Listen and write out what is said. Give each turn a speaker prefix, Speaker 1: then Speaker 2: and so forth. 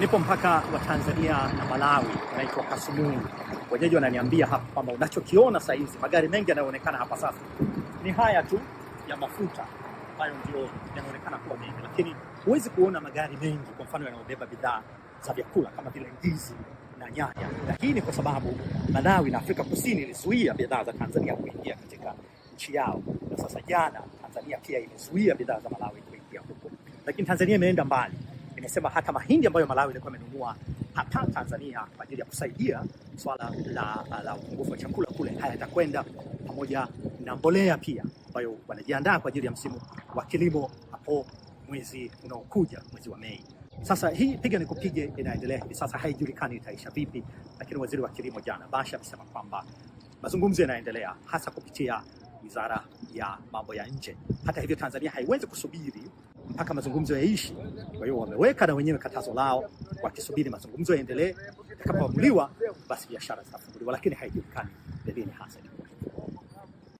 Speaker 1: Nipo mpaka wa Tanzania na Malawi, naitwa Kasumunu. Wenyeji wananiambia hapa kwamba unachokiona sasa hizi magari mengi yanayoonekana hapa sasa ni haya tu ya mafuta ambayo ndio yanaonekana kuwa mengi, lakini huwezi kuona magari mengi kwa mfano yanayobeba bidhaa za vyakula kama vile ndizi na nyanya, na hii ni kwa sababu Malawi na Afrika Kusini ilizuia bidhaa za Tanzania kuingia katika nchi yao, na sasa jana Tanzania pia ilizuia bidhaa za Malawi kuingia huko, lakini Tanzania imeenda mbali Imesema hata mahindi ambayo Malawi ilikuwa imenunua hata Tanzania kwa ajili ya kusaidia swala la, la upungufu wa chakula kule, haya yatakwenda pamoja na mbolea pia ambayo wanajiandaa kwa ajili ya msimu wa kilimo hapo mwezi unaokuja, mwezi wa Mei. Sasa hii piga ni kupige inaendelea hivi sasa, haijulikani itaisha vipi, lakini waziri wa kilimo jana Basha amesema kwamba mazungumzo yanaendelea hasa kupitia wizara ya mambo ya nje. Hata hivyo, Tanzania haiwezi kusubiri mpaka mazungumzo yaishi. Kwa hiyo wameweka na wenyewe katazo lao wakisubiri mazungumzo yaendelee, itakapoamuliwa basi biashara zitafunguliwa, lakini haijulikani